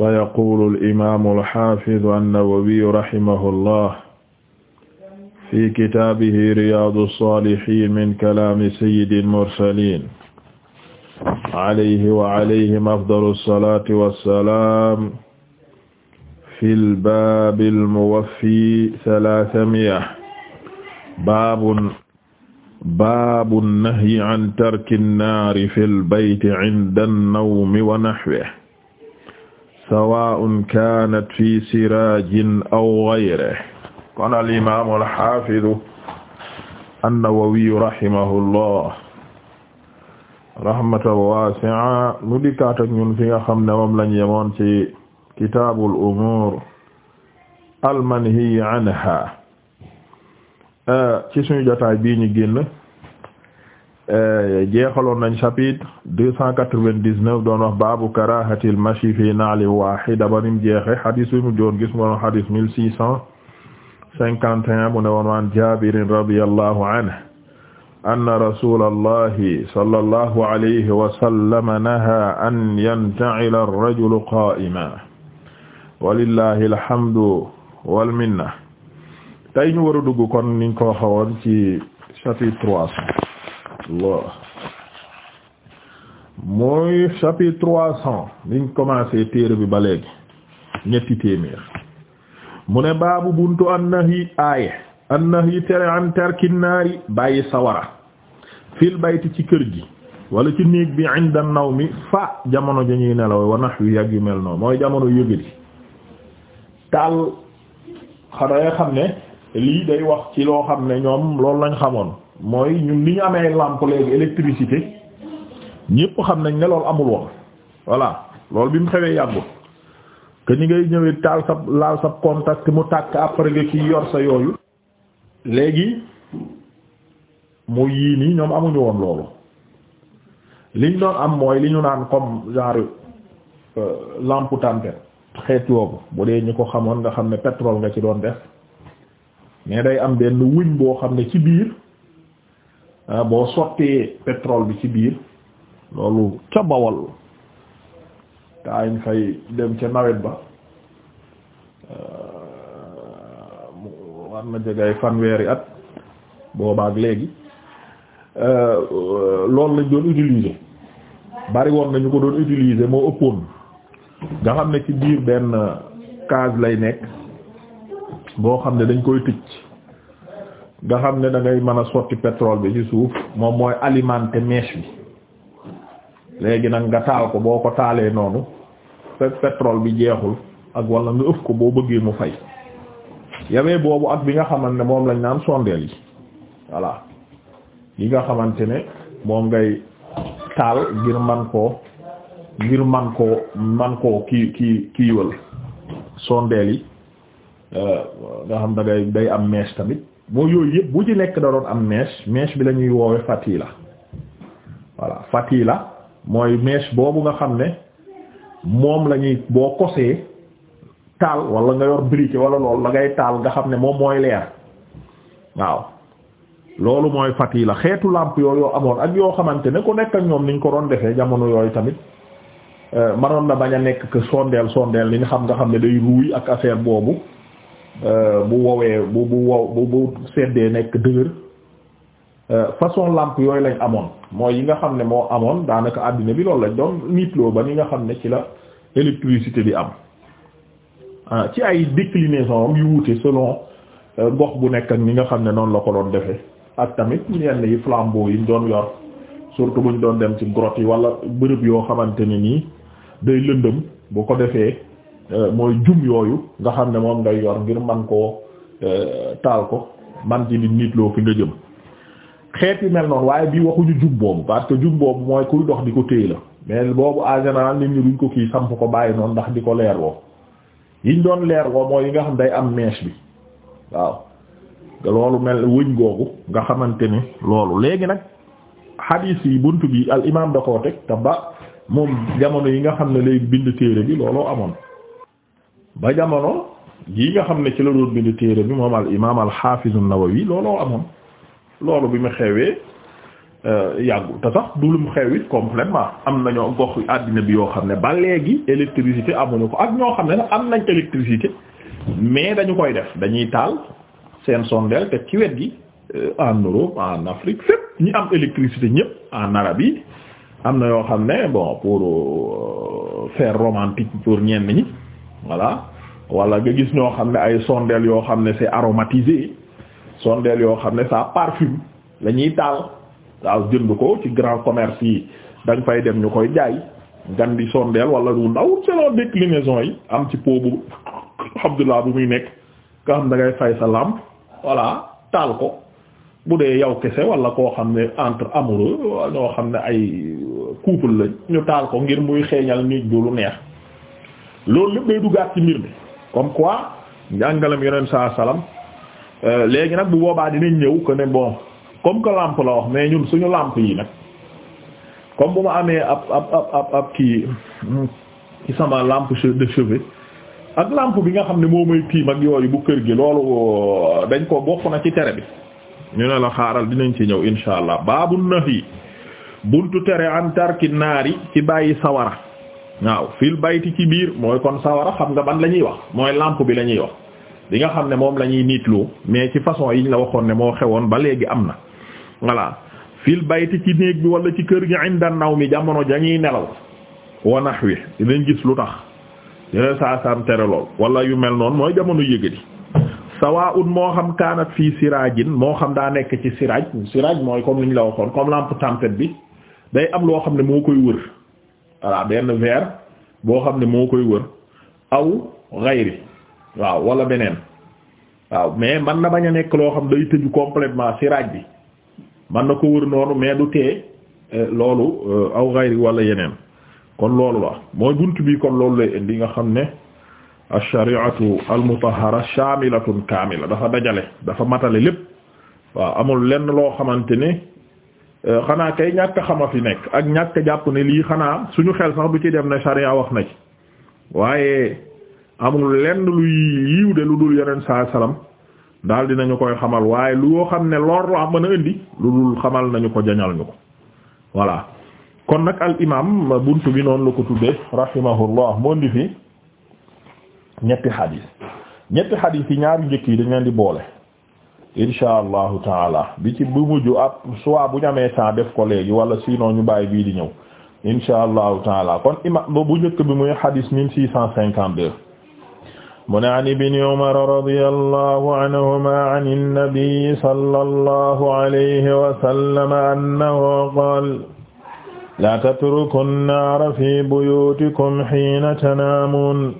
fa yaqulu alimaamu alxafidu annawawiyu rahimahu llah fi kitaabihi riyaadu saalihiin min kalaami sayyidil mursaliin alayhi wa alayhim afdalu salaati wa salaam fil baabil muwaffi salaasamiya baabun baabun nahyi an tarki nnaari fil bayti inda nnawmi wa nahwihi sawaa'un kaanat fi siraajin aw ghayrihi kon al imaamu al haafidu an-Nawawi rahimahullah rahmatan waasi'a nu dikkaat ak ñun fi nga xam ne moom lañ yemoon ci kitaabul umuur al manhiyyi anhaa ci suñu jotaay bii ñu génn Eh, jeexaloon nañ chapitre deux cent quatre-vingt-dix-neuf doon wax baabu karahatil mashi fi naali wahida banim jeexe hadis bi mu joon gis mo hadis mille six cent cinquante et un mu ne woon waan jabirin radiyallahu anhu anna rasulallahi sallallahu alayhi wa sallama naha an yanta'ila ar-rajulu qa'iman walillahi alhamdu wal minna tey ñu war a dugg kon niñ ko waxoon ci chapitre trois cent Allah mooy chapitre trois liñ niñ commencé téere bi ba léegi ñetti téeméer mu ne baabu buntu yi aaye annahi tere an tarki naari bàyyi sawara fil bayti ci kër gi wala ci néeg bi inda naw mi fa jamono ja ñuy nelaw wa nax yu yàgg mel noonu mooy jamono yëgadi taal xanaa xam ne lii day wax ci loo xam ne ñoom loolu lañ xamoon mooy ñu li ñu amee lampe léegi électricité ñëpp xam nañ ne loolu amul woon voilà loolu bi mu xewee yàggul que ngay ñëwee taal sa laal sa contact mu tàkk après nga ci yor sa yooyu léegi mu yii nii ñoom amuñu woon loolu liñ doon am mooy li ñu naan comme genre euh, lampe tempête xeet yoobu bu dee ñu ko xamoon nga xam ne pétrole nga ci doon def mais day am benn wuñ boo xam ne ci biir Euh, boo sottee pétrole bi ci biir loolu ca bawal taa fay dem ca nawet ba euh, war na jegay fanweeri at boobaak léegi euh, loolu lañ doon utiliser bari woon nañu ko doon utiliser moo ëppoon nga xam ne ci biir benn case lay nekk boo xam ne dañ koy tëj nga xam ne da ngay mën a sotti pétrole bi ci suuf moom mooy alimenter mèche bi léegi nag nga taal ko boo ko taalee noonu fekk pétrole bi jeexul ak wala nga ëf ko boo bëggee mu fay yawee boobu ak bi nga xamante ne moom lañ naan sondeel yi voilà yi nga xamante ne moom ngay taal ngir man koo ngir man koo man koo kii kii kiiwal sondeel yi euh, nga xam dangay ngay day am mèche tamit moo yooyu yëpp bu ci nekk da doon am mèche mèche bi la ñuy woowe fatila voilà fatila mooy mèche boobu nga xam ne moom la boo kosee taal wala nga yor briquet wala loolu la ngay taal nga xam ne moom mooy leer waaw loolu mooy fatila xeetu làmp yooyu yoo amoon ak yoo xamante ne ku nekk ak ñoom niñ ko doon defee jamono yooyu tamit euh, manoon na bañ a nekk que sondeel sondeel li nga xam nga xam ne day ruuy ak affaire boobu Euh, bu wowee bu bu wow bu bu seddee nekk dëgër euh, façon lampe yooyu lañ amoon mooy yi nga xam ne moo amoon daanaka àddina bi loolu lañ doon niitloo ba ni nga xam ne ci la électricité bi am ah, ci ay déclinaison am yu wuute selon euh, gox bu nekk ak ni nga xam ne noonu la ko doon defee ak tamit yenn yi flambeau yi doon yor surtout ñu doon dem ci grotte yi wala bërëb yoo xamante ne nii day lëndëm boo ko defee Euh, mooy jum yooyu nga xam ne moom ngay yor ngir man koo euh, taal ko man ci di nit loo fi nga jëm xeet yu mel noonu waaye bii waxuñu jum boobu parce que jum boobu mooy kuy dox di ko téye la mais boobu en général nit ñi duñ ko kii samp ko bàyyi noonu ndax di ko leerloo yiñ doon leerloo mooy yi nga xam day am mèche bi waaw loolu mel wëñ googu nga xamante ni loolu léegi nag hadith yi bunt bi al imam da koo teg te ba moom jamono yi nga xam ne lay bind téere bi amoon ba jamono yi nga xam ne ci la doon bind téere bi moom al imaam al xaafiz an-Nawawi looloo amoon loolu bi mu xewee euh, yàggul te sax du lu mu xew it complètement am na nañoo gox àddina bi yoo xam ne ba léegi électricité amuñu ko ak ñoo xam ne nag am nañ électricité mais dañu koy def dañuy taal seen sondeel te ci wet gi euh, en Europe en Afrique fépp ñi am électricité ñëpp en Arabie yi am na yoo xam ne bon pour euh, faire romantique pour ñenn ñi voilà wala nga gis ñoo xam ne ay sondeel yoo xam ne c'est aromatisé sondeel yoo xam ne ça parfume lañuy ñuy taal waaw jënd ko ci grand commerce yi da nga fay dem ñu koy jaay gan bi sondeel wala du ndaw selon déclinaison yi am ci pot bu alhamdulilah bu muy nekk nga xam da ngay fay sa lampe voilà taal ko bu dee yow kese wala koo xam ne entre amoureux ñoo xam ne ay couple lañ ñu taal ko ngir muy xeeñal nit lu neex loolu lépp day duggaat ci mbir mi comme quoi njàngalem yoneen saa salaam euh, léegi nag bu boobaa dinañ ñëw que ne bon comme que lampe la wax mais ñun suñu làmp yi nag comme bu ma amee ab ab ab ab kii ci sama làmp lampe de chevet ak làmp bi nga xam ne moo may tiim ak yooyu bu kër gi loolu euh, dañ ko bokk na ci tere bi ñu ne la xaaral dinañ ci ñëw insha allah baabu nahi buntu tere an tarki naari ci bàyyi sawara waaw fil bayti ci biir mooy kon sawara xam nga ban la ñuy wax mooy lampe bi la ñuy wax li nga xam ne moom la ñuy niitloo mais ci façon ñu la waxoon ne moo xewoon ba léegi am na voilà fil bayti ci néeg wala ci kër gi inda naw mi jamono dañuy nelaw wa nahwi dinañ gis lu tax yeneen saa saam tere yu mel noonu mooy jamono yëgadi sawaa'un moo xam kaanat fii siraajin moo xam daa nekk ci siraaj siraaj mooy comme li ñu la waxoon comme lampe tempête bi day am loo xam ne moo koy wër voilà benn verre boo xam ne moo koy wër aw xayri waaw wala beneen waaw mais man na bañ a nekk loo xam day tëju complètement si raaj bi man na ko wër noonu mais du tee euh, loolu euh, aw xayri wala yeneen kon loolu la mooy bunt bi kon loolu lay indi nga xam ne ash-shari'atu al-mutahhara shamilatun kamila dafa dajale dafa matale lépp waaw amul lenn loo xamante ne Euh, xanaa kay ñàkk a xama nekk ak ñàkk jàpp ne lii xanaa suñu xel sax du ci dem na sharia wax na ci waaye amul lenn luy yiw de lu dul yeneen saa salaam daal dinañu koy xamal waaye lu woo xam ne lor la mën a indi lu dul xamal nañu ko jañal ñu ko voilà kon nag al imam buntu bi noonu la ko tuddee rahimahullah moo indi fi ñetti xadiis ñetti xadiis yi ñaari njëkk yi dañ leen di boole insha allahu taala bi ci bu mujj ab soit bu ñu amee temps def ko léegi wala sinon ñu bàyyi bii di ñëw insha allahu taala kon ima bu njëkk bi muy hadis mille six cent cinquante-deux mu ne an ibni umar radiyallahu anhuma an an-nabi sallallahu alayhi wa sallam annahu qaala laa tatruku an-naara fi buyutikum hiina tanaamuun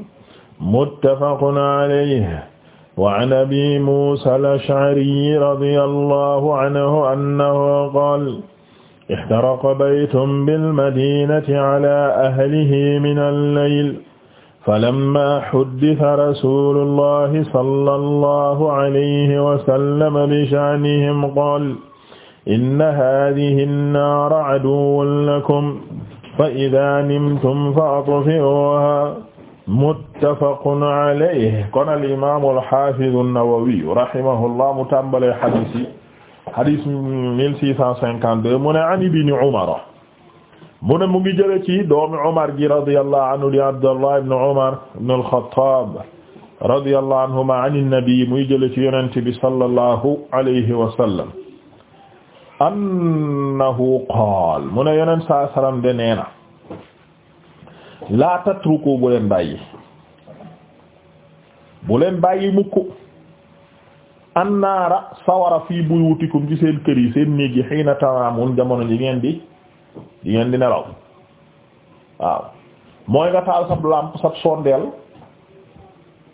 muttafaqun alayhi وعن أبي موسى الأشعري رضي الله عنه أنه قال احترق بيت بالمدينة على أهله من الليل فلما حدث رسول الله صلى الله عليه وسلم بشأنهم قال إن هذه النار عدو لكم فإذا نمتم فأطفئوها muttafaqun alayhi kon al imaam al haafiz an-Nawawi rahimahullah mu tàmbalee hadith yi hadith mille six cent cinquante deux mu ne an ibni Umar mu ne mu ngi jële ci doomi Umar ji radiyallahu anhu di Abdullah ibn Umar ibn al-Khattab radiyallahu anhuma an an-nabi muy jële ci yonent bi sallallahu alayhi wa sallam annahu qaal mu ne yonent saa salaam de nee na laa tatruku bu leen bàyyi bu leen bàyyi mukk annaara sawara fii buyutikum ci seen kër yi seen néeg yi xiina tanaamun jamono ji ngeen di di ngeen di nelaw waaw mooy nga taal sab làmp sab sondeel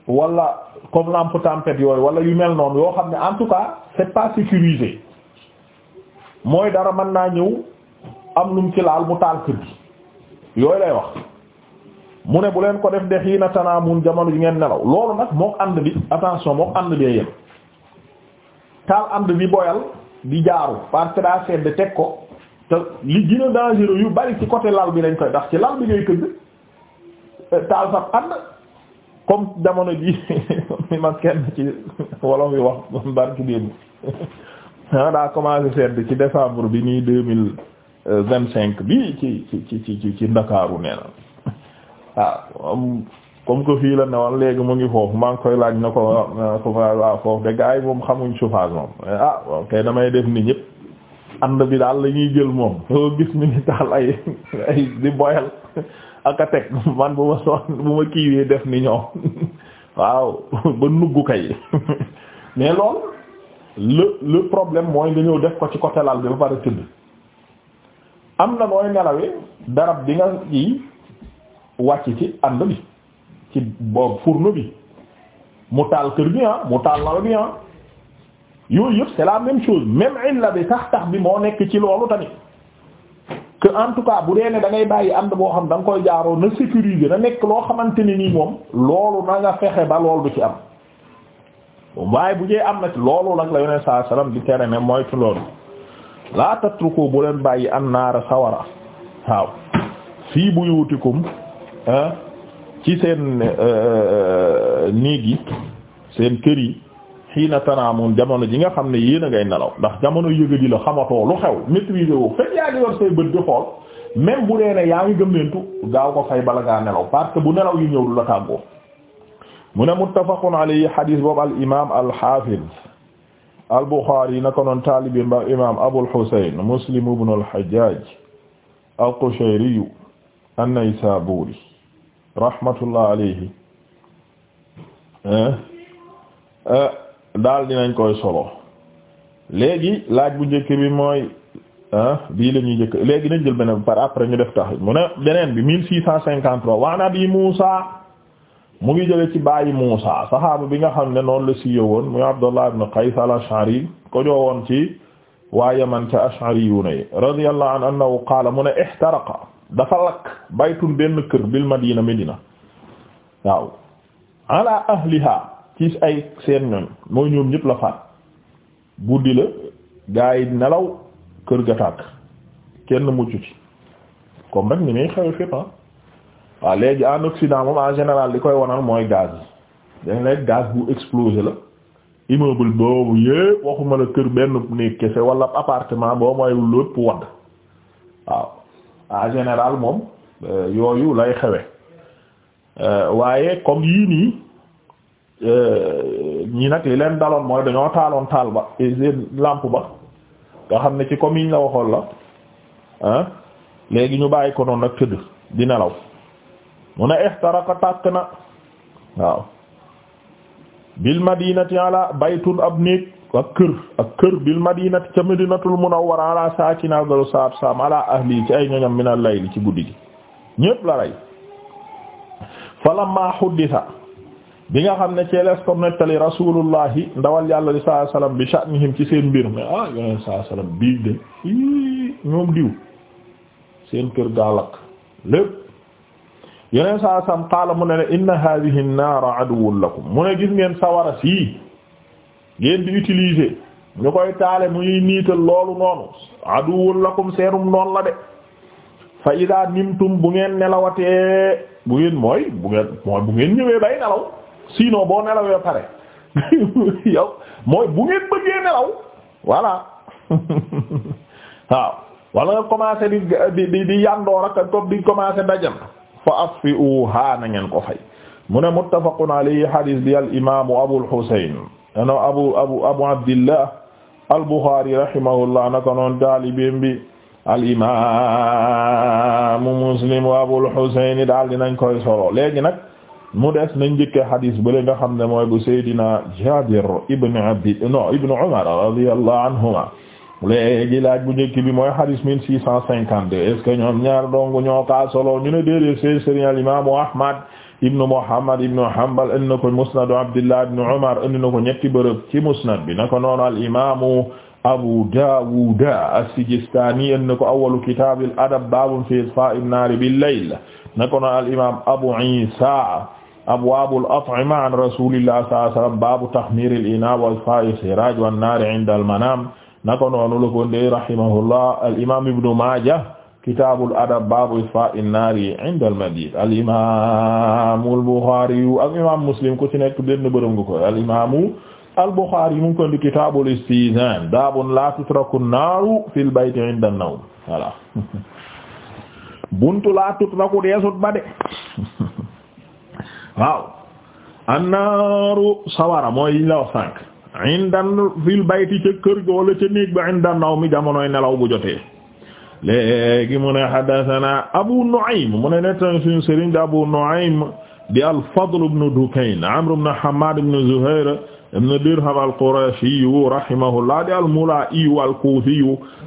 wala comme lampe tempête yooyu wala yu mel noonu yoo xam ne en tout cas c'est pas sécurisé mooy dara mën naa ñëw am lu ci laal mu taal kër gi yooyu lay wax mu ne bu leen ko def de xiina tanaamun jamono ji ngeen nelaw loolu nag mook ànd bi attention mook ànd bee yem taal ànd bi boyal di jaaru parce que daa sedd teg ko te li gën a yu bari ci côté lal bi lañ koy ndax ci lal bi ngay eh, jamono ji ci wolof yi wax barki démb ah, daa commencé sedd ci décembre bi nii deux mille vingt cinq bi ci ci ci Ndakaaru nee waaw ah, comme que fii la ne woon léegi mu ngi foofu maa ngi koy laaj na ko ko ah, waaw foofu de gars moom xamuñ chauffage moom eh, ah kay damay def ni ñëpp ànd bi daal la ñuy jël moom soo gis mi ni daal ay ay boyal ak teg man bu ma soon bu kiiwee def ni ñoom waaw ba nugg kay mais lool le le problème mooy nga ñëw def ko ci côté lal bi ba pare tëdd am na nooy nelawee darab bi nga wàcc ci ànd bi ci boobu fourneau bi mu taal kër bi ah mu taal lal bi ah yooyu yëpp c'est la même chose même illa bi tax tax bi moo nekk ci loolu tamit que en tout cas bu dee ne da bàyyi ànd boo xam da nga koy jaaroo na sécuriser na nekk loo xamante ni nii moom loolu na nga fexe ba loolu du ci am waaye bu jee am na ci loolu nag la yoneen saa salaam di tere ne moytu loolu laa tatruku bu leen bàyyi an naara sawara waaw fii buyutikum Ah, ci seen euh, néeg seen kër yi xiina tanaamoon jamono ji nga xam ne yéen a ngay nelaw ndax jamono yëgadi la xamatoo lu xew maîtriser wu fekk yaa ngi yor say gaaw ko fay bala ngaa nelaw parce que bu nelaw yi ñëw du la tàggoo mu ne muttafaqun alayhi hadis boobu al imam al hafiz al bukhari na ko noon taalibi ba imam abul husayn muslim ibn al hajjaj al qushayri an-naysaburi rahmatullah alayhi eh, eh, daal dinañ koy solo léegi laaj bu njëkk bi mooy eh, bii la ñuy njëkk léegi nañ jël beneen par après ñu def tax mu ne beneen bi mille six cent cinquante-trois wa nabi Muusa mu ngi jële ci bàyyi Muusa saxaaba bi nga xam ne noonu la siiwe woon muy Abdullah ibn Qays ashari ko joo woon ci waa Yaman ca Ash'ariyuuna yi radiyallahu anhu mu ne ihtaraqa dafa lakk baytun benn kër bil madina medina waaw ala ahliha ci ay seen ñoñ mooy ñoom ñëpp la faat guddi la gaa yi nelaw kër ga tàkk kenn mucc ci comme rek ni muy xew fépp ah. waaw léegi en Occident moom en général li koy wanal mooy gaz yi dañ lay gaz bu explosé la immeuble boobu yépp waxuma la kër benn néeg kese wala apartement boo mooy lépp wadd waaw en général moom euh, yooyu lay xewe euh, waaye comme yii nii euh, ñii nag li leen daloon mooy dañoo taaloon taal ba eh, seen lampe ba nga xam ne ci comme yiñ la waxoon la léegi ñu bàyyi ko noonu nag tëdd di nelaw mu ne ihtaraka tàkk na waaw bil madinati la baytu ab néeg ak kër ak kër bil madinati ca madinatul munawwara ala saakina afdalu salaatu salaam ala ahli ci ay ñoñam min al layli ci guddi ñépp la rey falamma huddisa bi nga xam ne ceelees ko nettali ndawal yàlla li saa sallam bi sha'nihim ci seen mbir mais ah yoneen saa sallam bii de ñoom diw seen kër gaa lakk lépp yoneen saa sallam qaala mu ne ne inna hadhihi an-naara aduwwun lakum mu ne gis ngeen sawara sii ngeen di utiliser ñu koy taale muy niital loolu noonu aduwul lakum seenum noonu la de fa ida nimtum bu ngeen nelawatee bu ngeen mooy bu ngeen mooy bu ngeen ñëwee bay nelaw sinon boo nelawee pare yow mooy bu ngeen bëggee nelaw voilà waaw wala nga commencé di di di yandoor ak toog di commencé dajam fa asfi'uha na ngeen ko fay mu ne muttafaqun alayhi hadith bi al imaamu Abul Husayn ano abu abu abu abdillah al-Bukhari rahimahullah naka noon taalibin bi al-imaamu Muslim wa Abul Husayn daal dinañ koy solo léegi nag mu des nañ njëkkee hadis bale nga xam ne mooy bu Seydina Jaabir ibn abdi no ibn Umar anhuma léegi laaj bu njëkk bi mooy hadis mille six cent cinquante-deux est ñoom ñaar dong ñoo solo ñu ne déedéet sey Serigne al Ahmad ibnu Muhammad ibnu Hanbal indi na ko musnadu Abdullah ibnu Umar indi na ko ñetti bërëb ci musnad bi naka noonu al imaamu Abu Dawud as-Sijistani indi na ko awwalu kitaabil adab baabun fi itfaa'i naari bil layl naka noonu al imaam Abu Isa abwaabul at'ima an rasuulillah sallallahu alayhi wa sallam baabu taxmiiril inaa' wa itfaa'i siraaj wan naari inda al manaam naka noonu la ko ndee rahimahullah al imaam ibnu Maaja kitaabul adab baabu isfaa'i naari inda al-madiid al imaamu al buxaari ak imaam muslim ku ci nekk benn bërëm nga ko al imaamu al buxaari mu ngi koy indi kitaabul istizaan baabun laa tutraku naaru fil bayti inda an-nawm voilà buntu laa tutraku deesut ba de waaw an-naaru sawara mooy la wax sànq inda fil bayti ca kër ga wala ca néeg ba inda an-nawmi jamonoy nelaw bu jotee. léegi mu ne haddathana Abu Nu'aym mu ne nettali suñu sëriñ di Abu Nu'aym di al-Fadl ibn Dukayn Amr ibn Hammad ibn Zuhayr ibn Dirham al-Qurashi rahimahullah di al-Mula'i al-Kufi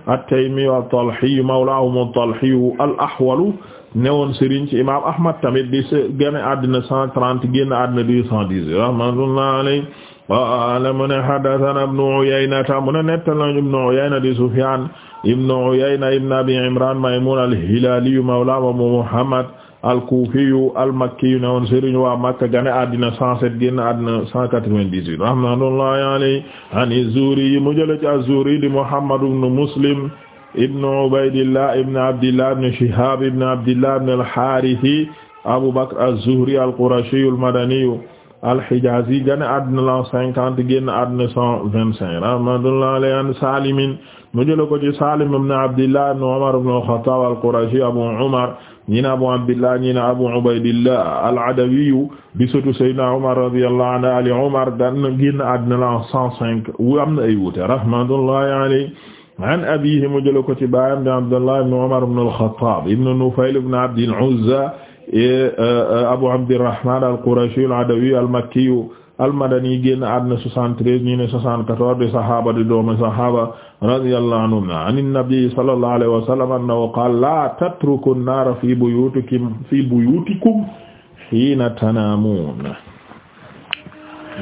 at-Taymi at-Talhi mawlahum at-Talhi al-Ahwal newoon sëriñ ci imaam Ahmad tamit di génn àddina 130 génn àddina 210 rahmatullahi alayhi qaala mu ne haddathana Ibn Uyayna mu ne nettali Ibn Uyayna di Sufyan ibn Uyayna ibn Abi Imran Maymun al-Hilali mawla Muhammad al-Kufi al-Makki newoon sëriñ waa Makka gane àddina 107 génn àddina 198 rahmatullahi alayhi an az-Zuhri mu jële ci az-Zuhri di Muhammad ibn Muslim ibn Ubaydillah ibn Abdillah ibn Shihab ibn Abdillah ibn al-Harith Abu Bakr az-Zuhri al-Qurashi al-Madani al-Hijazi gane àdduna la cinquante génn àdduna cent vingt-cinq rahmatullahi alayhi an Salim mu jël ko ci Salim ibn Abdillah ibn Umar ibn al-Khattab al-Qurashi Abu Umar ñi na Abu Abdillah ñi na Abu Ubaydillah al-Adawi di sëtu Sayyidina Umar radiyallahu anhu Ali Umar dan génn àdduna la cent cinq wu am na ay wuute rahmatullahi alayhi an abihi mu jël ko ci baayam di Abdullah ibn Umar ibn al-Khattab ibn Nufayl ibn Abd al-Uzza E, e, e, Abu Abdirrahman al-Qurashi al-Adawi al-Makki al-Madani génn àdduna 73 ñu ne 74 di saxaaba di doomu saxaaba radiyallahu anhum ani nabi sallallahu alayhi wa sallam annahu qaala laa tatruku an-naara fii buyuutikum fii buyuutikum hiina tanaamuun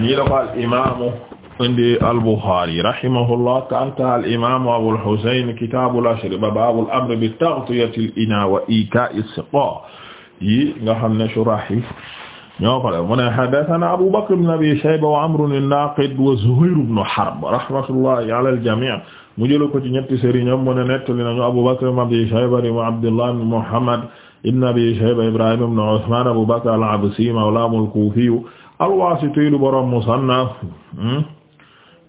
ñii la ko al-imaamu indi al-Bukhari rahimahullah ta'ala al-imaamu Abul Husayn kitaabul ashriba baabul amri bi taghtiyatil inaa wa iikaa'i siqaa yi nga xam ne shurahif ñoo ko def mu ne haddathana Abu Bakr ibn Abi Shayba wa Amr an-Naqid wa Zuhayr ibn Harb rahmatullahi ala al-jami' mu jël ko ci ñetti sëriñam mu ne nettali nañu Abu Bakr ibn Abi Shayba di Abdullah ibn Muhammad ibn Abi Shayba Ibrahim ibn Uthman Abu Bakr al-Absi mawla al-Kufi al-Wasiti borom Musannaf hmm?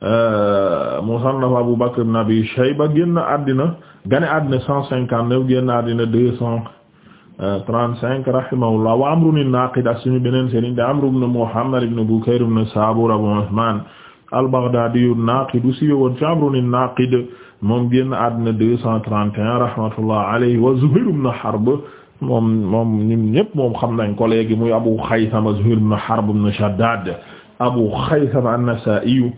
euh, Musannaf Abu Bakr ibn Abi Shayba génn àddina gane àddina cent cinquante-neuf génn àddina deux cents 35 rahimahullah wa amrun an-Naqid ak suñu beneen sëriñ de Amr ibn Muhammad ibn Bukayr ibn Sabur Abu Usman al-Baghdadi an-Naqid si woon ci Amrun an-Naqid moom génn àddina 231 rahmatullah alayhi wa Zuhayr ibn Harb moom moom ñun ñëpp moom xam nañ ko léegi muy Abu Khaythama Zuhayr ibn Harb ibn Shaddad Abu Khaythama an-Nasa'i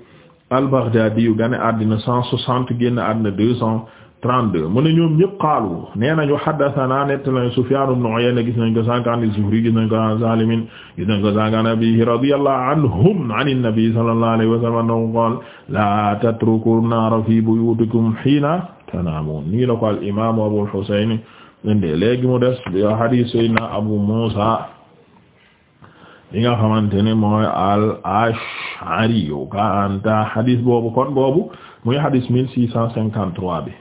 al-Baghdadi gane àddina 160 génn àddina 200 32 mu ne ñoom ñëpp xaalu nee nañu haddathana nett nañ Sufyan ibn Uyayna gis nañ ko sànqaan az-Zuhri gis nañ ko an Salim gis nañ ko sànqaan abihi radiyallahu anhum an an-nabi sallallahu alayhi wa sallam annahu qala la tatruku an-nara fi buyutikum hina tanamun nii la ko al imam Abu al-Husayn inde léegi mu des hadith Sayyidina Abu Musa li nga xamante ne mooy al-Ash'ari ka anta hadith boobu kon boobu muy hadith 1653 bi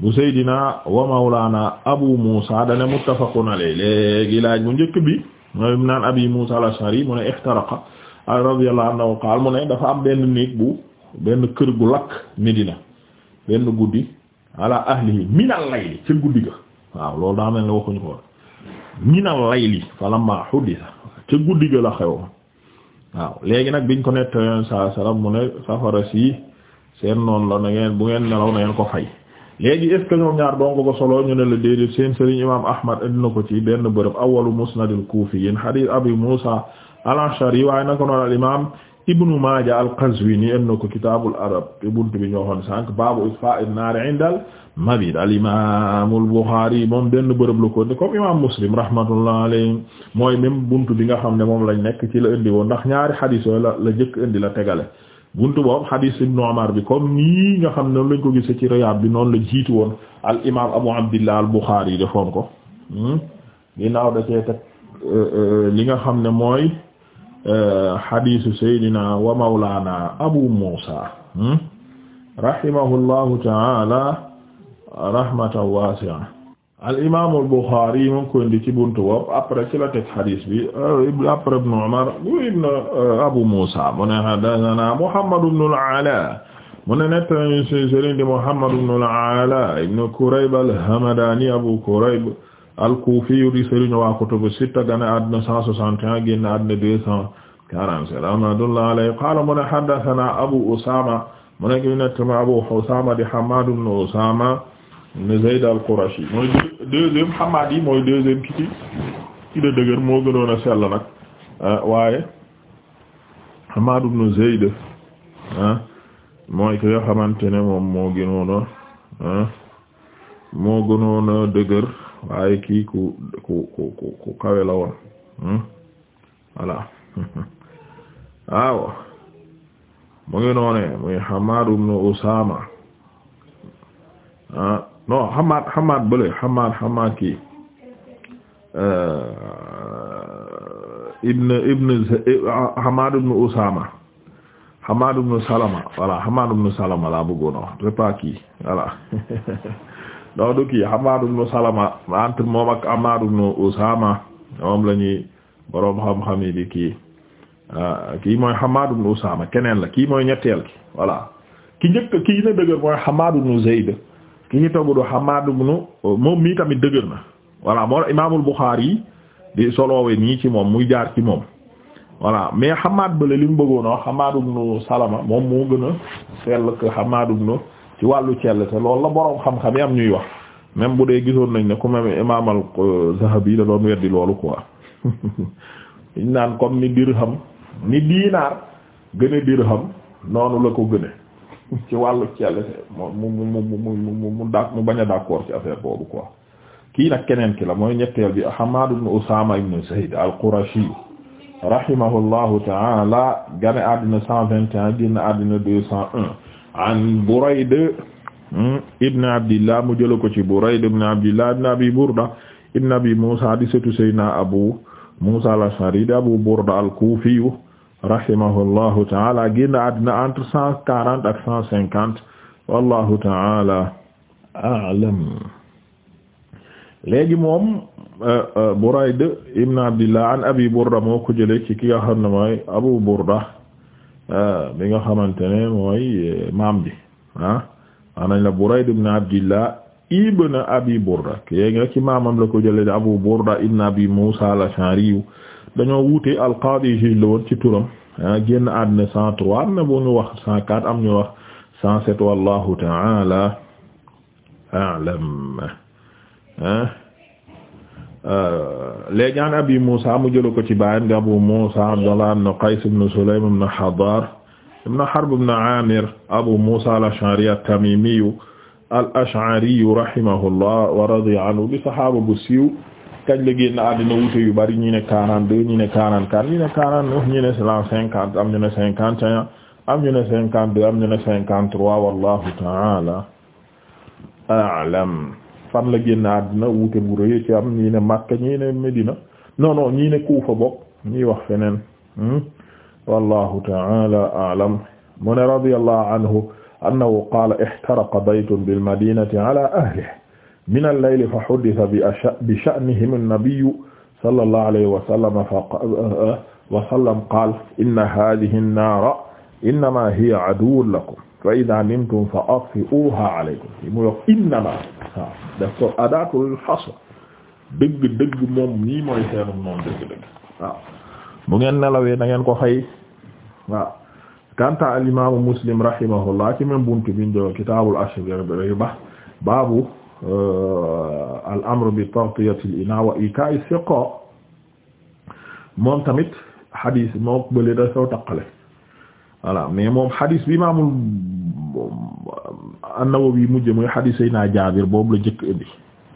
bu Seydina wa Mawlana Abu Musa dane muttafaqun alayhi léegi laaj mu njëkk bi mooy mu naan Abi Musa al-Ash'ari mu ne ixtaraqa radiyallahu anhu qaal mu ne dafa am benn néeg bu benn kër gu lakk Medina benn guddi ala ahlihi minal layli ca guddi ga waaw loolu daa mel ne waxuñ ko minal layli falamma huditha ca guddi ga la xew waaw léegi nag biñ ko nett saa salaam mu ne safara si seen noon la na ngeen bu ngeen nelaw na ngeen ko fay léegi est ce que ñoom ñaar donga ko solo ñu ne la déedéet seen sëriñ imam ahmad indi na ko ci benn bërëb awalu musnadil kuufiyin hadith abi musa al-ashari waaye nako noon al imam ibnu maaja al-qazwini indi na ko kitaabul adab te bunt bi ñoo xoon sànq baabu isfaa'i an-naar 'inda al-mabit al imam al-bukhari moom benn bërëb la ko ndi comme imam muslim rahmatullah alayhi mooy même bunt bi nga xam ne moom lañ nekk ci la indi woon ndax ñaari hadith la la jëkk indi la tegale buntu boobu hadith ibnu Umar bi comme nii nga xam ne noonu lañ ko gisee ci Riyaad bi noonu la jiitu woon al imaam Abu Abdillah al Bukhari yi defoon ko hmm? da euh, euh, li nga xam ne mooy hadithu euh, Seydina wa Mawlana Abu Muusa hmm? rahimahullahu ta'ala rahmatan waasi'a al imaam al Buxaari moom ko indi ci buntu bopp après ci la teg xadis bi euh, après ibn Umar bu ibn euh, Abu mu ne haddasanaa Muhammad ibn mu ne di Muhammad ibn al-Alaa al-Hamdaani Abu Kurayb al-Kuufi di sëriñ waa kutubu sitta gane àdduna 161 génn àdduna 247 rahmatullahi alayhi qaala mu ne haddasanaa Abu Usaama mu ne ki nettali Abu Usaama di Hammaad ibn Usaama ibn Zayd al-Qurashi mooy deuxième Hammaad yi mooy deuxième ki ci ci la dëgër moo gënoon a sell nag euh, waaye Hammaad ibn Zayd ah mooy ki nga xamante ne moom moo gënoon moo gënoon a dëgër waaye kii ku ku ku ku kawe la woon voilà waaw mu ngi noonee muy Hammaad ibn Usaama non Hamad Hamad bële Hamad Hamad ki euh, ibn ibn Hamad ibn Usama Hamad ibn Salama voilà Hamad ibn Salama laa bëggoon a wax c'est pas kii du kii Hamad ibn Salama entre moom ak Hamad ibn Usama moom lañuy ñuy boroom xam-xam yi kii euh, kii mooy Hamad ibn Usama keneen la kii mooy ñetteel ki voilà ki njëkk kii na dëgër mooy Hamad ibn Zayd ki ci tegu du Hammaad ibnu moom mii tamit dëgër na voilà moo Imaamul Buxaari yi di soloowe nii ci moom muy jaar ci moom voilà mais Hammaad bële li mu bëggoon a wax Salama moom moo gën a sell que Hammaad ibnu ci wàllu cell te loolu la boroom xam-xam yi am ñuy wax même bu dee gisoon nañ ne ku même Imaamal euh, Zahabi da doon weddi loolu quoi ñu naan kom ni dirham ni diinaar gën a dirham noonu la ko gëne ci wàllu cell mu mu mu mu mu mu da mu d'accord ci affaire boobu ko kii nag keneen ki la mooy ñetteel bi Hamad ibn Usama ibn Zayd al-Qurashi rahimahullahu ta'ala gane àddina cent vingt et un génn àddina deux cent un an Burayd hmm, ibn Abdillah mu jëla ko ci Burayd ibn Abdillah ibn Abi Burda ibn Abi Musa di sëtu Seydina Abu Musa al-Ash'ari Abu Burda al-Kufi rahimahullahu taala génn àddina entre cent quarante ak cent cinquante wallahu taala a'lam léegi moom euh, euh, Burayd ibn Abdillah an Abi Burda moo ko jëlee ci ki nga xam ne mooy Abu Burda bi euh, nga xamante ne mooy maam bi ah maanaam la Burayd ibn Abdillah ibn Abi Burda kii nga ci maamam la ko jëlee Abu Burda ibn Abi Musa al-Ash'ari dañoo wuute alqaadi juge la ci turam ah, génn àddina cent trois am na am ñu wax cent sept wallahu ta'ala a'lam ah, ah, léegi an abi Muusa mu jëlu ko ci baayam di Abu Muusa Abdallah ibn Qays ibn Sulaym ibn Hadar ibn Harb ibn Amir Abu Muusa al-Ash'ari at-Tamimi al-Ash'ari rahimahullah bi sahaaba bu siiw kañ la génn àddina wuute yu bari ñi ne quarante deux ñi ne quarante quatre ñi ne quarante neuf ñi ne am ñu ne cinquante un am ñu ne cinquante deux am ñu ne cinquante trois wallahu taala a'lam fan la génn àddina wuute bu rëy ci am ñi ne Makka ñi ne Medina non non ñi ne Kuufa bokk ñi wax feneen hmm? wallahu taala a'lam mu ne radiyallahu anhu annahu qaala ihtaraqa baytun bil madinati ala ahlihi min al-layli fa hudditha bi sha'nihim an-nabiyyu sallallahu alayhi wa sallam wa sallam qaala inna haadhihi an-naara innamaa hiya aduwwun lakum fa idhaa nimtum fa atfi'uuhaa alaykum mu wax innamaa waaw daf ko adaatul hasr dëgg dëgg moom nii mooy seenu noonu dëgg dëgg waaw bu ngeen nelawee na ngeen ko fay waaw kanta al-imaamu Muslim rahimahullah ci même buntu bi ñu joxe kitaabul ashriba baabu Euh, al amr bi taghtiyat al ina wa ika'i siqa moom tamit xadis moom bële da soo taqale voilà mais moom xadis bi imaamul an-Nawawi mujj mooy xadis Seydina Jaabir boobu la njëkk indi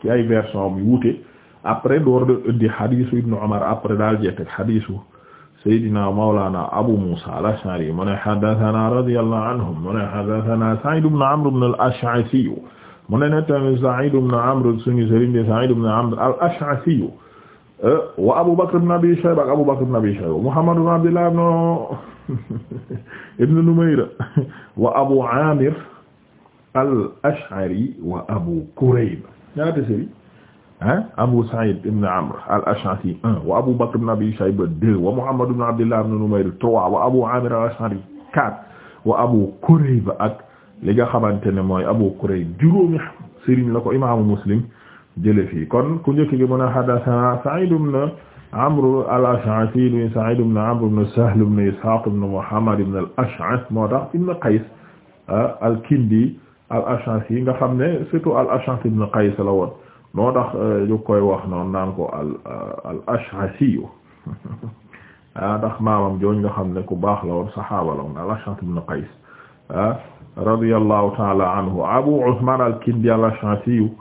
ci ay version bi wuute après door de indi xadisu Ibnu Umar après daal jeexit xadisu Seydina Mawlana Abu Muusa al-Ash'ari mu ne haddathana radiyallahu anhum mu ne haddathana Sa'id ibn Amr ibn al-Ash'asi mu ne nettali Sa'id ibn Amr suñu sëriñ de Sa'id ibn Amr al-Ash'asi eh, wa Abu Bakr ibn Abi Shayba ak Abu Bakr ibn Abi Shayba Muhammad ibn Abdillah ibn Numayr wa Abu Amir al-Ash'ari wa Abu Kurayb ñaata sëriñ ah Abu Sa'id ibn Amr al-Ash'asi un wa Abu Bakr ibn Abi Shayba deux wa Muhammad ibn Abdillah ibn Numayr trois wa Abu Amir al-Ash'ari quatre wa Abu Kurayb ak li nga xamante ne mooy Abu Kurayb juróomi sëriñ la ko imaamu Muslim jële fii kon ku njëkk gi mën a sa Sa'id ibn Amr al-Ash'athi Sa'id ibn Amr ibn Sahl ibn Ishaq ibn Muhammad ibn al-Ash'ath moo tax ibn Qays ah, al-Kindi al-Ash'athi yi nga xam ne surtout al-Ash'ath ibn Qays la woon moo tax eh, ñu koy wax noonu naan ko al eh, al-Ash'athi ah ndax maamam jooñ nga xam ne ku baax la woon saxaaba la al-Ash'ath ibn Qays ah. radiyallahu taala anhu Abu Usman al-Kindi al-Ash'asi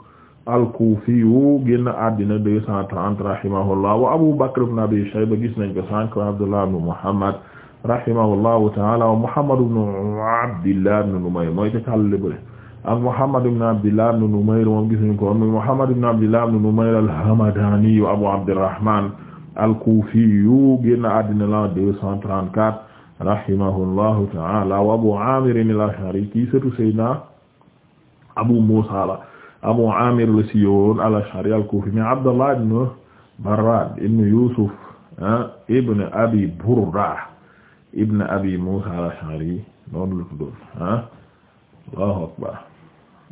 al-Kufi génn àddina deux cent trente rahimahullah wa Abu Bakr ibn Abi Shayba gis nañ ko sànq Abdullah ibn Muhammad rahimahullahu taala wa Muhammad ibn Abdillah ibn Numayr mooy ci kàll bële ak Muhammad ibn Abdillah ibn Numayr moom gis nañ ko Muhammad ibn Abdillah ibn Numayr al-Hamadani Abu Abdurrahman al-Kufi génn àddina la deux cent trente-quatre rahimahullahu ta'ala wa Abu Amir al-Ash'ari kii sëtu Seydina Abu Musa la Abu Amir la siiwoon al-Ash'ari al-Kufi mais Abdallah ibn Barrad ibn Yusuf ah, ibn Abi Burda ibn Abi Musa al-Ash'ari noonu la tuddoon ah Allahu akbar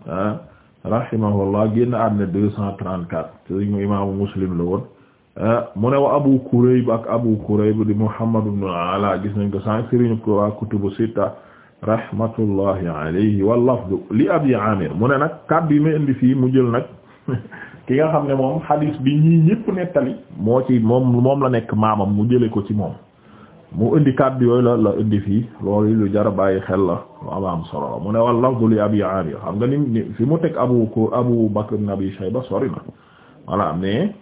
ah rahimahullah génn àddina deux cent trente-quatre imaamu Muslim la woon Eh, mu ne wa Abu Kurayb ak Abu Kurayb di Muhammad ibn Ala gis nañ ko sànq sëriñ ko waa kutubu sitta rahmatullahi alayhi wal lafdu li Abi Amir mu ne nag kàddu yi ma indi fii mu jël nag ki nga xam ne moom hadis bi ñii ñëpp nettali moo ci moom la nekk maamam mu jëlee ko ci moom mu indi kàddu yooyu la la indi fii loolu lu jar bàyyi xel la lu solo mu ne wal lafdu li Abi Amir xam nga ni fi mu teg Abu Abu Bakr ibn Abi Shayba sori na voilà mais.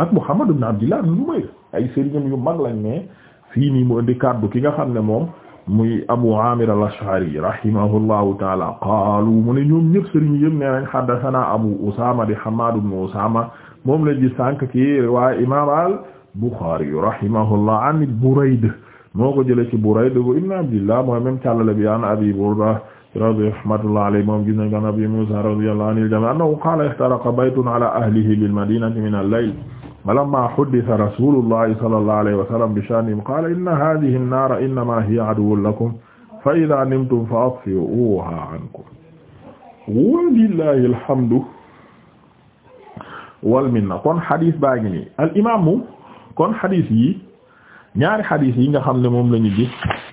ak Muhammad ibn Abdillah ibn Numayr ay sëriñam yu mag lañ ne fii nii mu indi kaddu ki nga xam ne moom muy Abu Amir al-Ash'ari rahimahullahu taala qaalu mu ne ñoom ñëpp sëriñ yëpp nee nañ haddathana Abu Usama di Hammad ibn Usama moom la ji sànq ci riwaaya imaam al-Bukhari rahimahullah an Burayd moo ko jëlee ci Burayd ibn Abdillah mooy même càllale bi an Abi Burda rahmatullah alayhi moom gis nañ ko an Abi Musa radiyallahu anhu al-jami' annahu qala ihtaraqa baytun ala ahlihi bil madinati min al-layl falamma hudditha rasulullahi sallallahu alayhi wa sallam bi sha'nihim qala inna hadhihi an-nara innama hiya aduwwun lakum fa nimtum fa atfi'uha ankum walillahi alhamdu wal minna kon xadis baa ngi nii al imam moom kon xadis yi ñaari xadis yi nga xam ne moom la ñu gis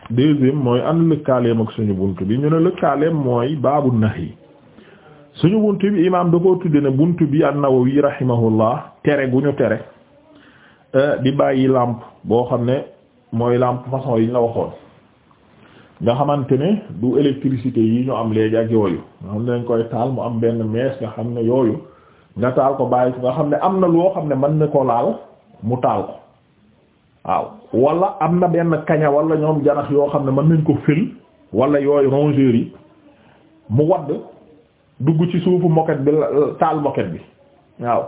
deuxième mooy an lëkkaaleem ak suñu bunt bi ñu ne lëkkaaleem mooy baabu nahi suñu bunt bi imaam da koo tudde ne bunt bi an-Nawawi rahimahullah tere gu ñu tere euh, di bàyyi làmp boo xam ne mooy làmp façon yi ñu la waxoon nga xamante ne du électricité yi ñu am léegi ak yooyu nga xam ne dañ koy taal mu am benn mees nga xam ne yooyu nga taal ko bàyyi ko nga xam ne am na loo xam ne mën na ko laal mu taal ko waaw wala am na benn kaña wala ñoom janax yoo xam ne mën nañ ko fël wala yooyu rongeurs yi mu wadd dugg ci suufu moket bi taal moquette bi waaw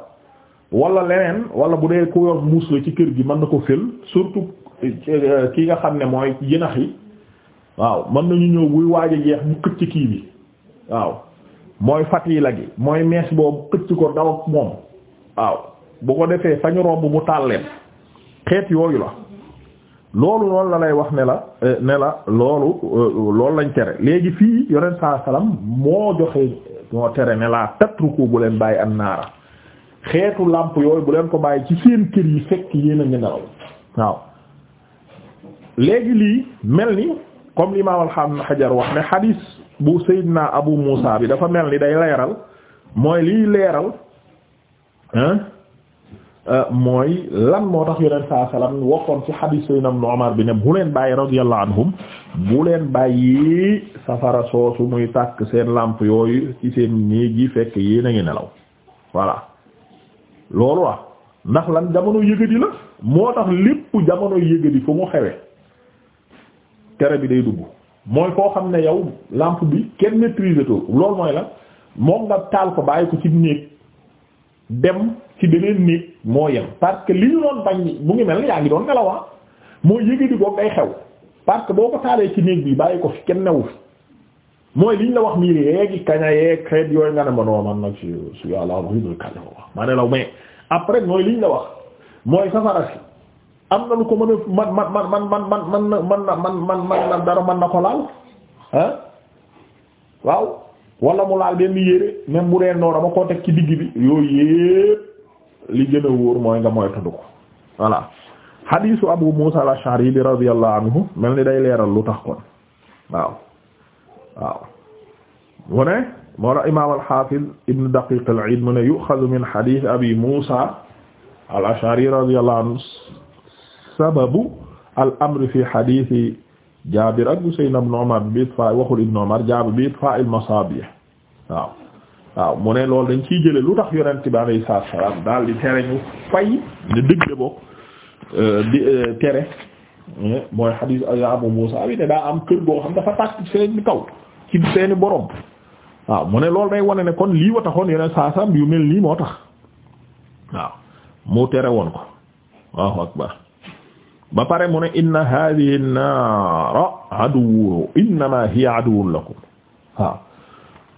wala leneen wala bu dee ku yor muus la ci kër gi mën na ko fël surtout euh, ki nga xam ne mooy jinax yi waaw mën nañu ñëw buy waaj a jeex mu këcc kii bi waaw mooy fat yi la gi mooy mees boobu këcc ko daw ak moom waaw bu ko defee fa ñu romb mu taal xeet yooyu la loolu loolu la lay wax ne la eh, ne la loolu eh, loolu lañ tere léegi fii yonent saa salaam moo joxe moo tere ne laa tatruku bu leen bàyyi an naara xeetu làmp yooyu bu leen ko bàyyi ci seen kër yi fekk yéen a waaw léegi lii mel ni comme l'imam al Hajar wax ne hadis bu Seydina Abu Muusa bi dafa mel ni day leeral mooy liy leeral hein Euh, mooy lan moo tax yonent saa salaam waxoon ci xadiis Seydina Ibnu Umar bi ne bu leen bàyyi radiyallahu anhum bu leen bàyyi safara soosu muy tàkk seen làmp yooyu ci seen néeg fekk yéen a ngi nelaw voilà loolu la ndax lan jamono yëgadi la moo tax lépp jamono yëgadi fu mu xewee tere bi day dugg mooy foo xam ne yow lampe bi kenn maîtrise to loolu mooy la moom nga taal ko bàyyi ko ci néeg dem ci beneen néeg moo yem parce que li ñu doon bañ mu ngi mel yaa ngi doon nelaw ah mooy yëgadi boobu day xew parce que boo ko taalee ci néeg bi bàyyi ko fi kenn newu fi mooy liñ la wax nii léegi kaña yeeg xeet yooyu nga ne ma non man nag si si yàlla ruy na kaña wax ma ne la mais après mooy liñ la wax mooy safara si am na lu ko mën a man man man man man man na man na man man man na dara man na ko laal ah waaw wala mu laal benn yére même bu dee noonu dama ko teg ci digg bi yooyu yépp li gën a wóor mooy nga moytandu ko voilà hadisu Abu Musa al-Ash'ari bi radiyallahu anhu mel ni day leeral lu tax kon waaw waaw mu ne moo la imam al-Hafiz ibn Daqiq al-Eid mu ne yu'khadhu min hadith Abi Musa al-Ash'ari radiyallahu anhu sababu al-amr fi hadith Jabir ak Sayyidina Ibn Umar bi itfa waxul Ibn Umar Jabir bi itfa al-masabih waaw waaw mu ne loolu dañ ciy jële lu tax yonent bi alayhi salaatu salaam daal di tere ñu fay ne dëgg boog euh, di euh, tere eh, mooy xadiis Abu Muusa bi ne daa am kër goo xam dafa tàkk seen kaw ci seeni borom waaw mu ne loolu day wane ne kon lii wa taxoon yonent saa yu mel nii moo tax waaw mu tere woon ko waaw akbar ba pare mu ne inna haadihi naara aduwwu innamaa hiya aduwwun lakum waaw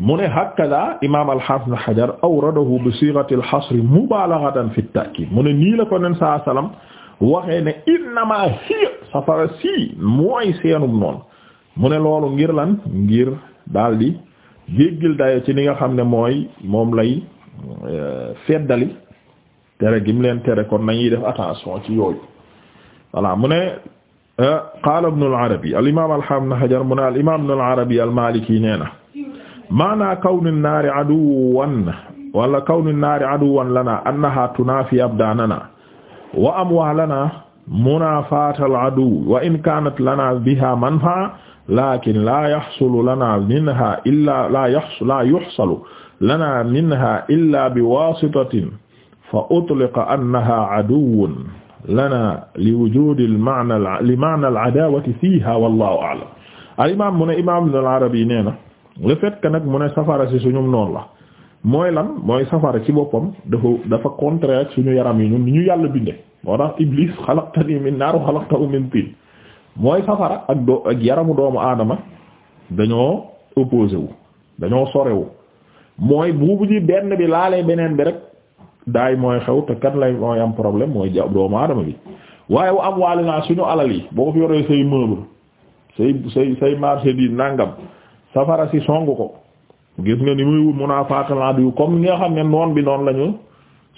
mu ne hakada imaam al-Hafiz Ibn Hajar awradahu bi sighati al-hasr mubaalaghatan fi at-ta'kid mu ne nii la ko nen saa salaam waxee ne innamaa hiya safara si mooy seenum noonu mu ne loolu ngir lan ngir daldi jéggil dayo ci li nga xam ne mooy moom lay euh, feddali tere gim leen tere kon nañuy def attention ci yooyu voilà mu ne euh, qaala Ibn al-Arabi al-imaam al-Hafiz Ibn Hajar mu ne al-imaam Ibn al-Arabi al-Maliki nee na maana kawni naari aduwan wala kawni naari aduwan lana annaha tunafi abdanana wa amwalana munaafatal adu wa in kanat lana biha manfaa lakin la yaxsulu lana minha illa la yuxsalu lana minha illa biwasitatin fa utliqa annaha aduwun lana liwujudi limana al adawati fiha wallahu a'lam al imam mu ne imam al arabi nee na le fait nag mu ne safara si suñum noonu la mooy lan mooy safara ci boppam dafa dafa contraire suñu yaram yi ñun ni ñu yàlla binde moo tax iblis xalaqtani min naar wa xalaqtahu min mooy safara ak doo ak yaramu doomu aadama dañoo opposé dañoo sorewu mooy buubu ji benn bi laalee beneen bi rek daay mooy xew te kan lay mooy am problème mooy ja doomu aadama bi waaye wu am waali suñu alal yi boo ko fi yoree say meuble say say say di nangam safara si song ko gis nga ni muy munaafaaqal adu comme nga xam ne noon bi noonu lañu ñu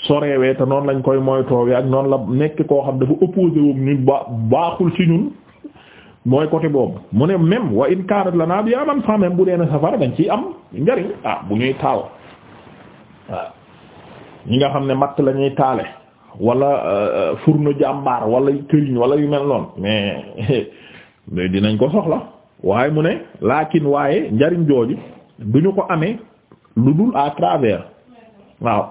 soreewee te noonu lañ koy moytoowee ak noonu la nekk koo xam dafa opposé wu ñu ba baaxul ci ñun mooy côté boobu mu ne même wa in la naa bi aman fa même bu dee ne safara dañ ciy am njariñ ah bu ñuy taal waaw ah. ñi nga xam ne matt lañuy ñuy taale wala euh, furno jàmbaar wala këriñ wala yu mel noon mais mais dinañ ko soxla. waaye mu ne laakin waaye njariñ jooju du ñu ko amee lu dul à travers waaw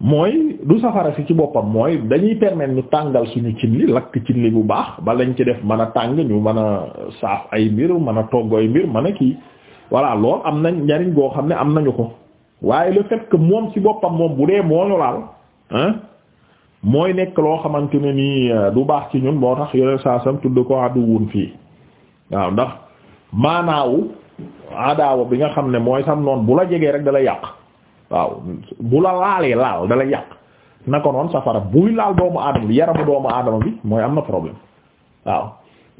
mooy du safara si ci boppam mooy dañuy permettre ñu tàngal suñu cin li lakk cin li bu baax ba lañ ci def mën a tàng ñu mën a saaf ay mbir mën a togg ay mbir mën a kii voilà am na njariñ goo xam ne am nañu ko waaye lu fait moom ci boppam moom bu dee moo ñu laal mooy nekk loo xamante ne nii euh, du baax ci ñun moo tax yeneen saa sam tudd ko àddu wun fii waaw ndax maanaawu adaawa bi nga xam ne mooy sam noon bu la jegee rek dalay yàq waaw bu la laalee laal dalay yàq naka noon safara buy laal doomu aadama bi yaramu doomu aadama bi mooy am na problème waaw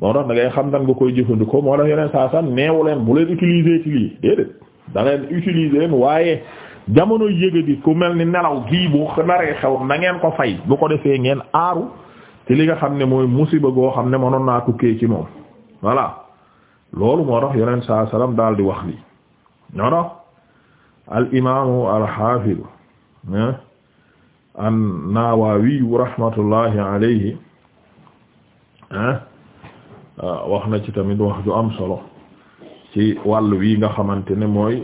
moo tax da ngay xam nan nga koy jëfandikoo moo tax yeneen saa san neewu leen bu leen utiliser ci lii déedéet da leen waaye jamono yëgadi ku mel ni nelaw gii bu naree xew na ngeen ko fay bu ko defee ngeen aaru ci li nga xam ne mooy musiba goo xam ne mënoon naa tukkee ci moom voilà loolu moo tax yonent saa salaam daal di wax lii ñoo tax al imaamu al xaafiz an-Nawawi rahmatullahi alayhi wax na ci tamit wax ju am solo ci wàll wii nga xamante ne mooy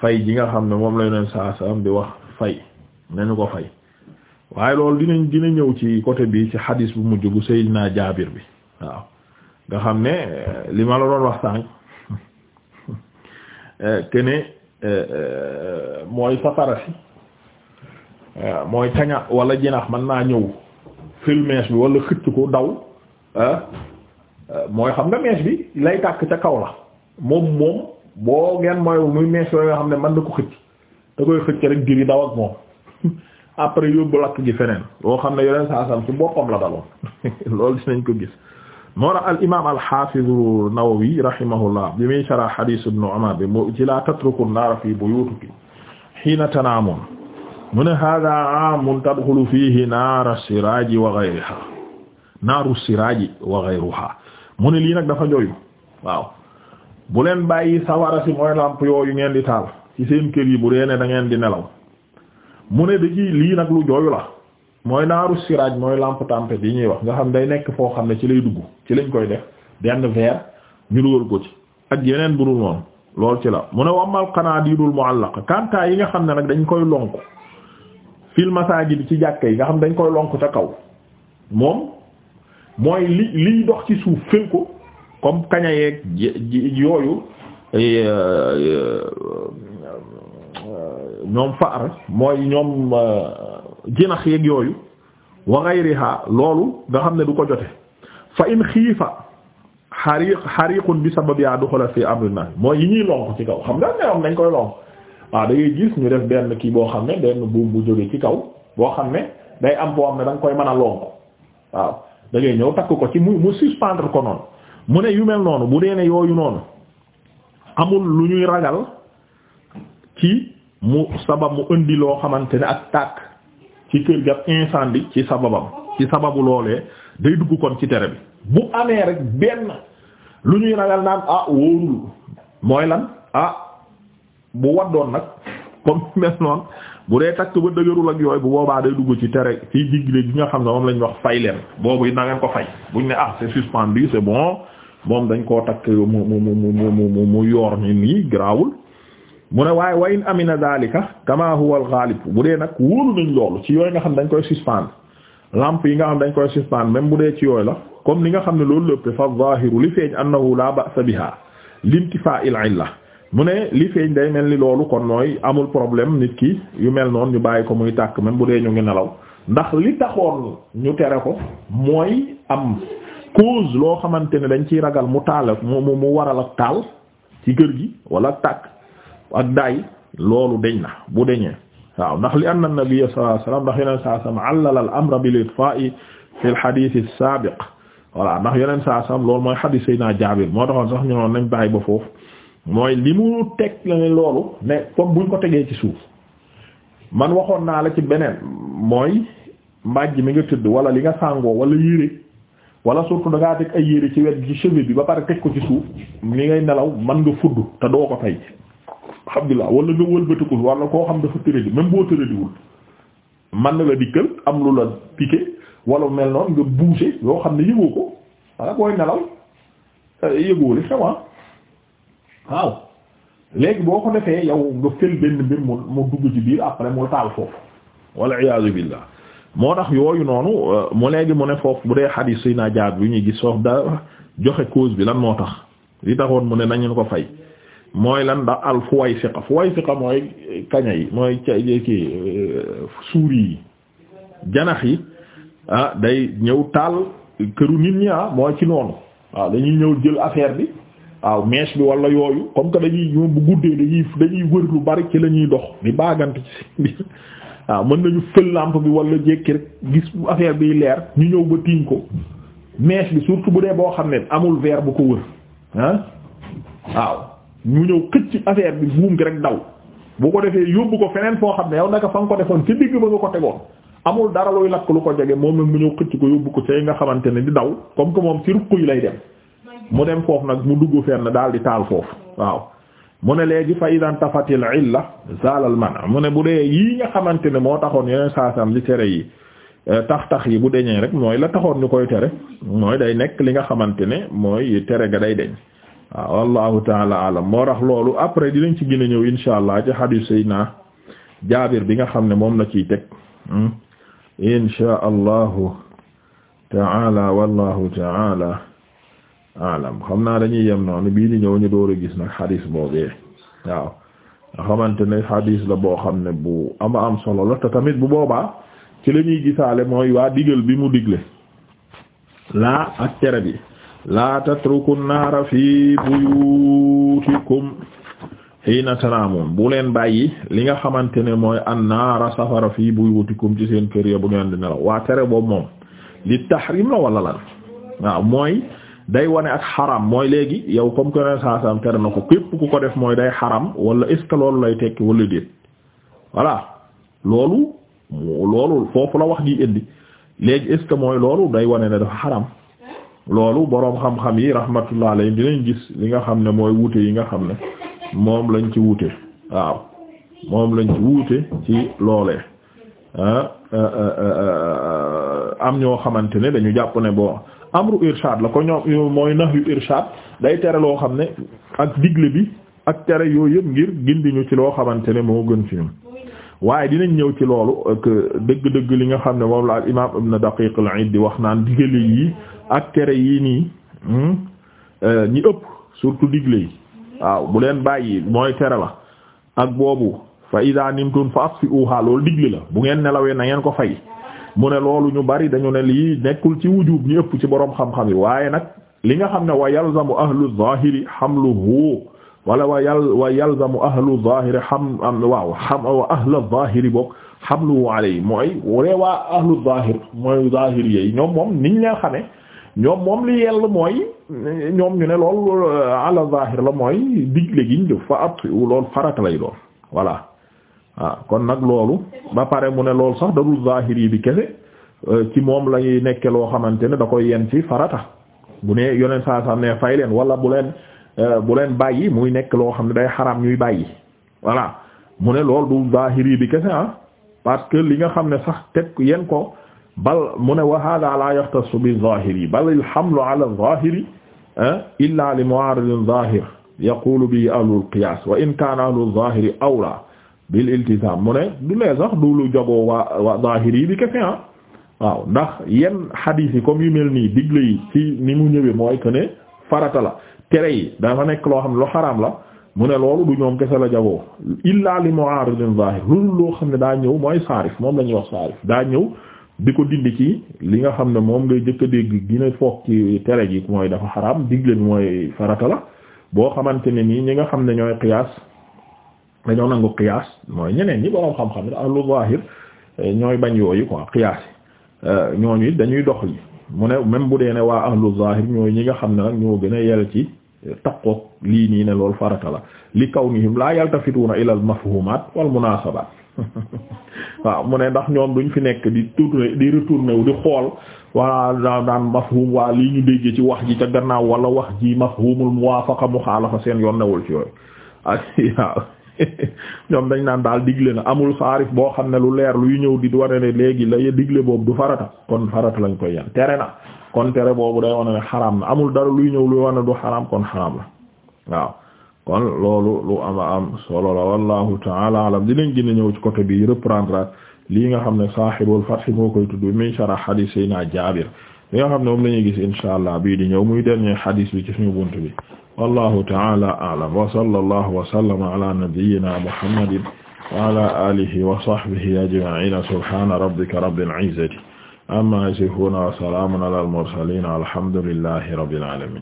fay ji nga xam ne moom la yonent saa di wax fay nañu ko fay waaye loolu dinañ dina ñëw ci côté bi ci xadiis bu mujj bu Seydina Jaabir bi waaw. nga xam ne li ma la doon wax sànq kene mooy safara si mooy caña wala jinax man naa ñëw fil mees bi wala xëcc ko daw ah, mooy xam nga bi lay tàkk ca kaw la moom moom boo ngeen mooy muy mees yooyu nga xam ne man na ko xëcc da koy xëcc rek jiri daw ak moom après yóbbu lakk gi feneen loo xam ne yeneen saa sam ci ko gis moo tax al imaam al haafiz bi muy sharh hadiis ibn Umar bi mu ci laa tatruku naara fii buyuutikum hiina tanaamuun mu ne haadaa aamun tadxulu fiihi naara siraaji wa ghayrihaa naaru siraaji wa ghayrihaa mu lii nag dafa jooyu waaw bu leen bàyyi sawara si mooy lamp yooyu ngeen di taal ci seen kër yi bu dee ne ngeen di nelaw mu ne da lii nag lu jooyu la. mooy naaru siraaj mooy làmp tampe bi ñuy wax nga xam day nekk foo xam ne ci lay dugg ci lañ koy def benn verre ñu dugal ko ci ak yeneen bu dul noonu lool ci la mu ne wamal qanaadiidul mu'allaqa kanta yi nga xam ne nag dañ koy lonk fil masaajid ci jàkka yi nga xam dañ koy lonk ca kaw moom mooy li liy dox ci suuf fël ko comme kaña yeeg yooyu euh, euh, ñoom faar mooy ñoom. Euh, jinax yeeg yooyu wa ghayriha loolu nga xam ne du ko jote fa in xiifa xariq xariqun bi sabab yaa duxala fi amri na mooy yi ñuy lonk ci kaw xam nga ne am nañ koy lonk waaw da ngay gis ñu def benn kii boo xam ne benn buum bu jóge ci kaw boo xam ne day am boo xam ne da koy mën a lonk waaw da ñëw takk ko ci mu mu suspendre ko noonu mu ne yu mel noonu bu dee ne yooyu noonu amul lu ñuy ragal ci mu sabab mu indi loo xamante ne ak tàkk ci kër gat ab incendie ci sababam ci sababu loolee day dugg kon ci tere bi bu amee rek benn lu ñuy ragal naan ah wóorul mooy lan ah bu waddoon nag comme mel noonu bu dee takk ba dëgërul ak yooy bu boobaa day dugg ci tere ci digle gi nga xam ne moom lañ wax fay leen boobu na ngeen ko fay buñ ne ah c'est suspendu c'est bon moom dañ koo takk mu mu mu mu mu mu yor ni nii grawul mu ne waaye wa in amina daalika kama huwa al-ghalib bu dee nag wóolu nañ loolu ci yooyu nga xam dañ koy suspendre lampe yi nga xam dañ koy suspendre même bu dee ci yooyu la comme li nga xam ne loolu lépp fa zahiru li feeñ annahu la ba'sa biha lintifa il illa mu ne li feeñ day mel ni loolu kon mooy amul problème nit ki yu mel noonu ñu bàyyi ko muy tàkk même bu dee ñu ngi nelaw ndax li taxoon ñu tere ko mooy am cause loo xamante ne dañ ciy ragal mu taal mu waral ak taal ci kër gi ak daay loolu deñ na bu deñee waaw ndax li anna nabiyya sallallahu alayhi wasallam ndax yeneen saa sam la al amra bil itfa'i fi al hadith as sabiq voilà ndax yeneen saa sam loolu mooy hadith sayna Jaabir moo taxoon sax ñu woon nañ bàyyi ba foofu mooy li mu teg la ne loolu ne comme buñ ko tegee ci suuf man waxoon naa la ci beneen mooy mbàjj mi nga tëdd wala li nga sàngoo wala yére wala surtout da teg ay yére ci wet ci cheveux bi ba pare teg ko ci suuf li ngay nelaw mën nga fudd te doo ko fay xam laa wala nga wëlbatiku wala koo xam dafa tëradi même boo tëradiwul mën na la dikkal am lu la piqué wala mel noonu nga bouger yoo xam ne yëgoo ko wala booy nelaw euh, yëgoo li xew ah. waaw léegi boo ko defee yow nga fël benn mbir mu mu dugg ci biir après mu taal foofu wala iyaazu billah moo tax yooyu noonu euh, mu léegi mu ne foofu bu dee xadiis suy naa jaar bi ñuy gis soo da joxe cause bi lan moo tax li taxoon mu ne nañu ko fay mooy lan ndax al fuwaysiqa fuwaysiqa mooy kaña yi mooy ca ki suuri yi janax yi ah day ñëw taal këru nit ñi ah, mooy ci noonu waaw dañuy ñëw jël affaire bi waaw mèche bi wala yooyu comme que dañuy ñoom bu guddee dañuy dañuy wër lu bari ci la ñuy dox di baagant ci bi waaw mën nañu fël làmp bi wala jékki rek gis affaire biy leer ñu ñëw ba tiiñ ko mèche bi surtout bu dee boo xam ne amul verre bu ko wër ah waaw mu ñëw xëcc affaire bi buum gi rek daw bu ko defee yóbbu ko feneen foo xam ne yow naka fa nga ko defoon ci digg ba nga ko tegoon amul dara looy lakk lu ko jege moom nag mu ñëw xëcc ko yóbbu ko say nga xamante ne di daw comme que moom ci ruq yi lay mu dem foofu nag mu dugg fenn daal di taal foofu waaw mu ne léegi fa idan tafatil illa zalal man mu ne bu dee yii nga xamante ne moo taxoon yeneen saasam li tere yi eh, tax tax yi bu deñee rek mooy la taxoon ñu koy tere mooy day nekk li nga xamante ne mooy tere ga day deñ waaw ah, wallahu taala alam moo tax loolu après dinañ ci gën a ñëw insha allah ci hadith sayyidina jaabir bi nga xam ne moom la ciy teg hmm? insha allahu taala wallahu taala alam xam naa dañuy yem noonu bii di ñëw ñu door a gis nag hadith boobee waaw nga xamante ne hadith la boo xam ne bu ama am solo la tamit bu boobaa ci la ñuy gisaale mooy waa digal bi mu digle laa ak tere bi la tatruku naara fi buyutikum hiina tanaamun bu leen bàyyi li nga xamante ne mooy an naara safara fi buyutikum ci seen kër ya bu ngeen di nelaw waa tere boobu moom li tahrim la wala lan waaw mooy day wane ak xaram mooy léegi yow comme que ren saa tere na ko képp ku ko def mooy day xaram wala est loolu lay tekki wala déet voilà loolu loolu foofu la wax ji indi léegi est ce que mooy loolu day wane ne dafa xaram. loolu boroom xam-xam yi rahmatullah alayhi dinañ gis li nga xam ne mooy wute yi nga xam ne moom lañ ci wuute waaw moom lañ ci wuute ci loolee ah, ah, ah, am ñoo xamante ne dañu jàpp ne boo amru irshad la ko ñoom mooy nahyu irshad day tere loo xam ne ak digle bi ak tere yooyu yëpp ngir gindi ñu ci loo xamante ne moo gën ci ñun waaye dinañ ñëw ci loolu que dëgg-dëgg li nga xam ne moom la al imaam ibn Daqiq al-Iid di wax naan digle yi ak tere yii nii hmm, euh, ñi ëpp surtout digle yi waaw bu leen bàyyi mooy tere la ak boobu fa idaa nimtum fa asfi'uha loolu digle la bu ngeen nelawee na ngeen ko fay mu ne loolu ñu bari dañu ne lii nekkul ci wujub ñu ëpp ci boroom xam-xam yi waaye nag li nga xam ne wa yalzamu ahlu zahiri hamluhu wala wa yal wa yalzamu ahlu zahiri xam am waaw xam wa ahlu zahiri boog xamluhu alay mooy wala waa ahlu zahir mooy zahir yeey ñoom moom niñ leen xamee ñoom moom li yell mooy ñoom ñu ne lool euh, ala zahir la mooy digle giñ def fa at lool farata lay doon voilà ah, kon nag loolu ba pare mu ne loolu sax darul zahir yi bi kese euh, ci moom lay nekke loo xamante ne da koy yen ci farata bu ne yoneen saa saa ne fay leen wala bu leen Euh, bu leen bàyyi muy nekk loo xam ne day xaram ñuy bàyyi voilà mu ne loolu du zahiri bi kese ah parce que li nga xam ne sax teg yeen ko bal mu ne wa hada la yaxtassu bi zahiri bal al hamlu ala zahiri ah, illa li mu'aridin zahir yaqulu bi ahlul qiyaas wa in kaana ahlul zahiri awla bil iltizam mu du lee sax du lu jagoo waa bi kese ah ndax yenn xadiis yi comme yu mel nii digle yi ci ni mu ñëwee mooy que ne farata la tere yi dafa nekk loo xam ne lu xaraam la mu ne loolu du ñoom kese la jagoo illaa li mu'aaridin zaahir loolu loo xam ne daa ñëw mooy saarif moom la ñuy wax saarif daa ñëw di ko dindi ci li nga xam ne moom ngay jëkk a dégg gina foog ci tere gi mooy dafa xaraam digle bi mooy farata la boo xamante ne nii ñi nga xam ne ñooy qiyaas dañoo nangu qiyaas mooy ñeneen ñi boroom xam-xam ne ahlu zaahir eh, ñooy bañ yooyu quoi qiyaas yi eh, ñooñu it dañuy dox li mu ne même bu dee ne waa ahlu zaahir ñooy ñi nga xam ne nag ñoo a yel ci taqoog lii nii ne loolu farata la li kawnihim laa yaltafituuna ila al mafhumaat wal munaasabaat waaw mu ne ndax ñoom duñ fi nekk di tourner di retourner wu di xool waa daan daan mafhum waa lii ñu déggee ci wax ji ca gannaaw wala wax ji mafhumul muwaafaqa muxaalafa seen yoon newul ci yooyu ak waaw ñoom dañ naan daal digle na amul saarif boo xam ne lu leer luy ñëw di ware ne léegi la digle boobu du farata kon farata lañ koy yan tere na kon tere boobu day wane ne xaraam na amul dara luy ñëw luy wane du xaraam kon xaraam la waaw kon loolu lu ama am solo la wallahu taala alam dinañ gën a ñëw ci côté bi reprendre lii nga xam ne sahibul fath moo koy tudd mi sharah hadith sayna Jaabir li nga xam ne moom lañuy gis insha allah bii di ñëw muy dernier hadith bi ci ñu bunt bi wallahu taala alam wa sallallahu wa sallama ala nabiyyina muhammadin wa ala alihi wa sahbihi ajma'ina subhana rabbika rabbil izzati amma yasifun wa salamun ala al mursalin alhamdulillahi rabbil alamin